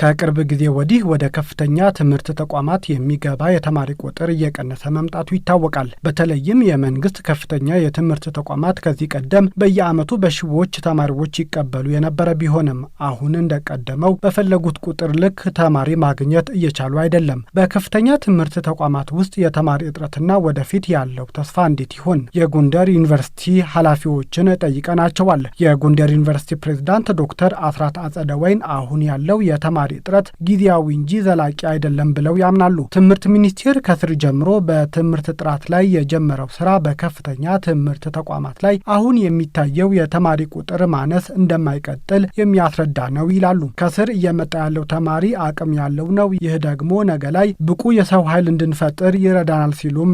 ከቅርብ ጊዜ ወዲህ ወደ ከፍተኛ ትምህርት ተቋማት የሚገባ የተማሪ ቁጥር እየቀነሰ መምጣቱ ይታወቃል። በተለይም የመንግስት ከፍተኛ የትምህርት ተቋማት ከዚህ ቀደም በየዓመቱ በሺዎች ተማሪዎች ይቀበሉ የነበረ ቢሆንም አሁን እንደቀደመው በፈለጉት ቁጥር ልክ ተማሪ ማግኘት እየቻሉ አይደለም። በከፍተኛ ትምህርት ተቋማት ውስጥ የተማሪ እጥረትና ወደፊት ያለው ተስፋ እንዴት ይሆን? የጎንደር ዩኒቨርሲቲ ኃላፊዎችን ጠይቀናቸዋል። የጎንደር ዩኒቨርሲቲ ፕሬዝዳንት ዶክተር አስራት አጸደወይን አሁን ያለው የተማሪ ተጨማሪ ጥረት ጊዜያዊ እንጂ ዘላቂ አይደለም ብለው ያምናሉ። ትምህርት ሚኒስቴር ከስር ጀምሮ በትምህርት ጥራት ላይ የጀመረው ስራ በከፍተኛ ትምህርት ተቋማት ላይ አሁን የሚታየው የተማሪ ቁጥር ማነስ እንደማይቀጥል የሚያስረዳ ነው ይላሉ። ከስር እየመጣ ያለው ተማሪ አቅም ያለው ነው። ይህ ደግሞ ነገ ላይ ብቁ የሰው ኃይል እንድንፈጥር ይረዳናል ሲሉም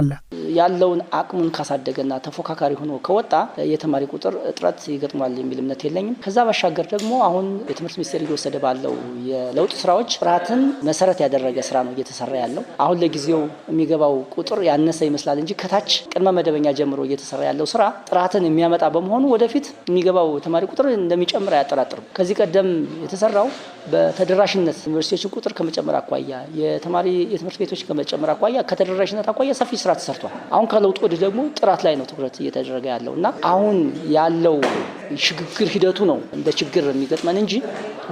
አለ ያለውን አቅሙን ካሳደገና ተፎካካሪ ሆኖ ከወጣ የተማሪ ቁጥር እጥረት ይገጥሟል የሚል እምነት የለኝም። ከዛ ባሻገር ደግሞ አሁን የትምህርት ሚኒስቴር እየወሰደ ባለው የለውጥ ስራዎች ጥራትን መሰረት ያደረገ ስራ ነው እየተሰራ ያለው። አሁን ለጊዜው የሚገባው ቁጥር ያነሰ ይመስላል እንጂ ከታች ቅድመ መደበኛ ጀምሮ እየተሰራ ያለው ስራ ጥራትን የሚያመጣ በመሆኑ ወደፊት የሚገባው ተማሪ ቁጥር እንደሚጨምር አያጠራጥርም። ከዚህ ቀደም የተሰራው በተደራሽነት ዩኒቨርሲቲዎችን ቁጥር ከመጨመር አኳያ፣ የተማሪ የትምህርት ቤቶች ከመጨመር አኳያ፣ ከተደራሽነት አኳያ ሰፊ ስራ ተሰርቷል። አሁን ከለውጥ ወዲህ ደግሞ ጥራት ላይ ነው ትኩረት እየተደረገ ያለው እና አሁን ያለው ሽግግር ሂደቱ ነው እንደ ችግር የሚገጥመን እንጂ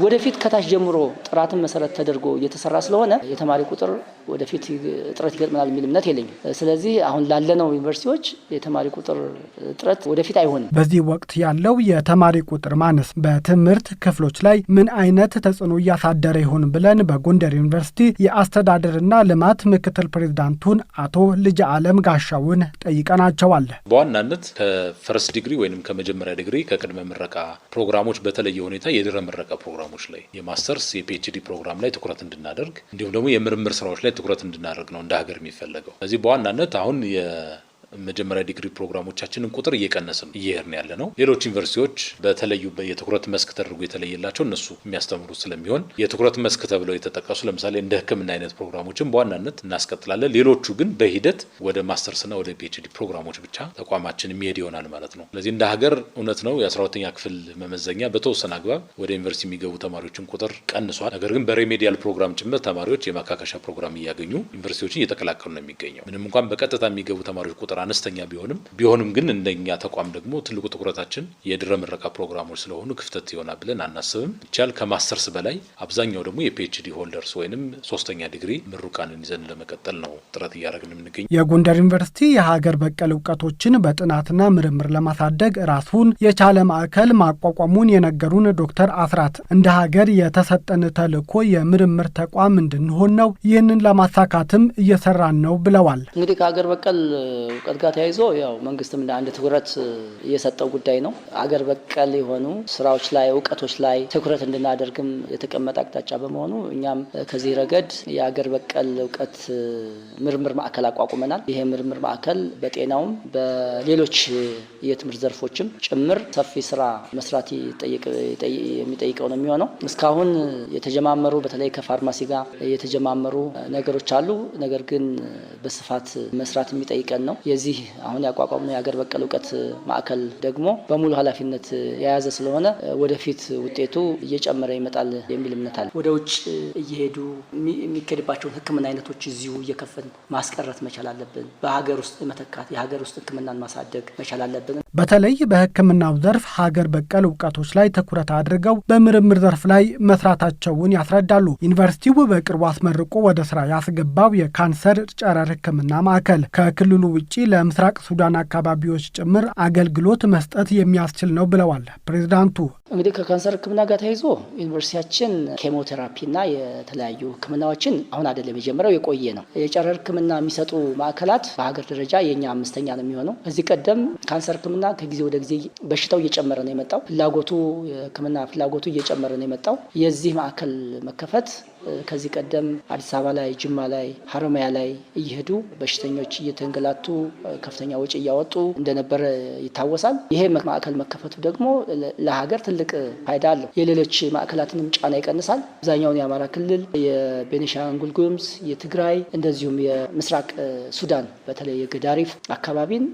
ወደፊት ከታች ጀምሮ ጥራትን መሰረት ተደርጎ እየተሰራ ስለሆነ የተማሪ ቁጥር ወደፊት እጥረት ይገጥመናል የሚል እምነት የለኝም። ስለዚህ አሁን ላለነው ዩኒቨርሲቲዎች የተማሪ ቁጥር እጥረት ወደፊት አይሆንም። በዚህ ወቅት ያለው የተማሪ ቁጥር ማነስ በትምህርት ክፍሎች ላይ ምን አይነት ተጽዕኖ እያሳደረ ይሆን ብለን በጎንደር ዩኒቨርሲቲ የአስተዳደርና ልማት ምክትል ፕሬዚዳንቱን አቶ ልጅ አለም ጋሻውን ጠይቀናቸዋል። በዋናነት ከፈርስት ዲግሪ ወይም ከመጀመሪያ ዲግሪ የቅድመ ምረቃ ፕሮግራሞች በተለየ ሁኔታ የድረ ምረቃ ፕሮግራሞች ላይ የማስተርስ የፒኤችዲ ፕሮግራም ላይ ትኩረት እንድናደርግ እንዲሁም ደግሞ የምርምር ስራዎች ላይ ትኩረት እንድናደርግ ነው እንደ ሀገር የሚፈለገው። ስለዚህ በዋናነት አሁን መጀመሪያ ዲግሪ ፕሮግራሞቻችንን ቁጥር እየቀነስን እየሄድን ያለ ነው። ሌሎች ዩኒቨርሲቲዎች በተለዩ የትኩረት መስክ ተደርጎ የተለየላቸው እነሱ የሚያስተምሩ ስለሚሆን የትኩረት መስክ ተብለው የተጠቀሱ ለምሳሌ እንደ ሕክምና አይነት ፕሮግራሞችን በዋናነት እናስቀጥላለን። ሌሎቹ ግን በሂደት ወደ ማስተርስና ወደ ፒኤችዲ ፕሮግራሞች ብቻ ተቋማችን የሚሄድ ይሆናል ማለት ነው። ስለዚህ እንደ ሀገር እውነት ነው የ12ተኛ ክፍል መመዘኛ በተወሰነ አግባብ ወደ ዩኒቨርሲቲ የሚገቡ ተማሪዎችን ቁጥር ቀንሷል። ነገር ግን በሬሜዲያል ፕሮግራም ጭምር ተማሪዎች የማካከሻ ፕሮግራም እያገኙ ዩኒቨርሲቲዎችን እየተቀላቀሉ ነው የሚገኘው ምንም እንኳን በቀጥታ የሚገቡ ተማሪዎች ቁጥር ቁጥር አነስተኛ ቢሆንም ቢሆንም ግን እንደኛ ተቋም ደግሞ ትልቁ ትኩረታችን የድረ ምረቃ ፕሮግራሞች ስለሆኑ ክፍተት ይሆናል ብለን አናስብም። ይቻል ከማስተርስ በላይ አብዛኛው ደግሞ የፒኤችዲ ሆልደርስ ወይንም ሶስተኛ ዲግሪ ምሩቃንን ይዘን ለመቀጠል ነው ጥረት እያደረግን የምንገኝ። የጎንደር ዩኒቨርሲቲ የሀገር በቀል እውቀቶችን በጥናትና ምርምር ለማሳደግ ራሱን የቻለ ማዕከል ማቋቋሙን የነገሩን ዶክተር አስራት እንደ ሀገር የተሰጠን ተልኮ የምርምር ተቋም እንድንሆን ነው፣ ይህንን ለማሳካትም እየሰራን ነው ብለዋል። እንግዲህ ከሀገር በቀል ከሙቀት ጋር ተያይዞ ያው መንግስትም እንደ አንድ ትኩረት የሰጠው ጉዳይ ነው። አገር በቀል የሆኑ ስራዎች ላይ እውቀቶች ላይ ትኩረት እንድናደርግም የተቀመጠ አቅጣጫ በመሆኑ እኛም ከዚህ ረገድ የአገር በቀል እውቀት ምርምር ማዕከል አቋቁመናል። ይሄ ምርምር ማዕከል በጤናውም በሌሎች የትምህርት ዘርፎችም ጭምር ሰፊ ስራ መስራት የሚጠይቀው ነው የሚሆነው። እስካሁን የተጀማመሩ በተለይ ከፋርማሲ ጋር የተጀማመሩ ነገሮች አሉ። ነገር ግን በስፋት መስራት የሚጠይቀን ነው። የዚህ አሁን ያቋቋምነው የሀገር በቀል እውቀት ማዕከል ደግሞ በሙሉ ኃላፊነት የያዘ ስለሆነ ወደፊት ውጤቱ እየጨመረ ይመጣል የሚል እምነት አለ። ወደ ውጭ እየሄዱ የሚካሄድባቸውን ሕክምና አይነቶች እዚሁ እየከፈትን ማስቀረት መቻል አለብን። በሀገር ውስጥ መተካት፣ የሀገር ውስጥ ሕክምናን ማሳደግ መቻል አለብን። በተለይ በሕክምናው ዘርፍ ሀገር በቀል እውቀቶች ላይ ትኩረት አድርገው በምርምር ዘርፍ ላይ መስራታቸውን ያስረዳሉ። ዩኒቨርሲቲው በቅርቡ አስመርቆ ወደ ስራ ያስገባው የካንሰር ጨረር ሕክምና ማዕከል ከክልሉ ውጭ ለምስራቅ ሱዳን አካባቢዎች ጭምር አገልግሎት መስጠት የሚያስችል ነው ብለዋል ፕሬዚዳንቱ። እንግዲህ ከካንሰር ሕክምና ጋር ተያይዞ ዩኒቨርሲቲያችን ኬሞቴራፒና የተለያዩ ሕክምናዎችን አሁን አይደለም የጀመረው የቆየ ነው። የጨረር ሕክምና የሚሰጡ ማዕከላት በሀገር ደረጃ የኛ አምስተኛ ነው የሚሆነው። ከዚህ ቀደም ካንሰር ሕክምና ከጊዜ ወደ ጊዜ በሽታው እየጨመረ ነው የመጣው። ፍላጎቱ የሕክምና ፍላጎቱ እየጨመረ ነው የመጣው። የዚህ ማዕከል መከፈት ከዚህ ቀደም አዲስ አበባ ላይ፣ ጅማ ላይ፣ ሀረማያ ላይ እየሄዱ በሽተኞች እየተንገላቱ ከፍተኛ ወጪ እያወጡ እንደነበረ ይታወሳል። ይሄ ማዕከል መከፈቱ ደግሞ ለሀገር ትልቅ ፋይዳ አለው። የሌሎች ማዕከላትንም ጫና ይቀንሳል። አብዛኛውን የአማራ ክልል፣ የቤኒሻንጉል ጉሙዝ፣ የትግራይ እንደዚሁም የምስራቅ ሱዳን በተለይ የገዳሪፍ አካባቢን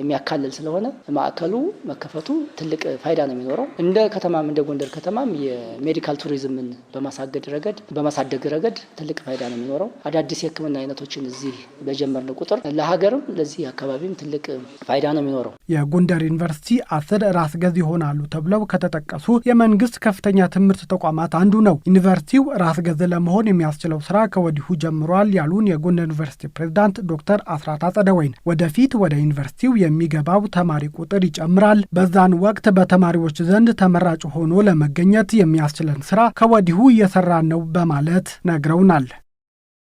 የሚያካልል ስለሆነ ማዕከሉ መከፈቱ ትልቅ ፋይዳ ነው የሚኖረው። እንደ ከተማም እንደ ጎንደር ከተማም የሜዲካል ቱሪዝምን በማሳገድ ረገድ በማሳደግ ረገድ ትልቅ ፋይዳ ነው የሚኖረው። አዳዲስ የሕክምና አይነቶችን እዚህ በጀመርን ቁጥር ለሀገርም ለዚህ አካባቢም ትልቅ ፋይዳ ነው የሚኖረው። የጎንደር ዩኒቨርሲቲ አስር ራስ ገዝ ይሆናሉ ተብለው ከተጠቀሱ የመንግስት ከፍተኛ ትምህርት ተቋማት አንዱ ነው። ዩኒቨርሲቲው ራስ ገዝ ለመሆን የሚያስችለው ስራ ከወዲሁ ጀምሯል ያሉን የጎንደር ዩኒቨርሲቲ ፕሬዝዳንት ዶክተር አስራት አጸደወይን ወደፊት ወደ ዩኒቨርሲቲው የሚገባው ተማሪ ቁጥር ይጨምራል። በዛን ወቅት በተማሪዎች ዘንድ ተመራጭ ሆኖ ለመገኘት የሚያስችለን ስራ ከወዲሁ እየሰራን ነው በማለት ነግረውናል።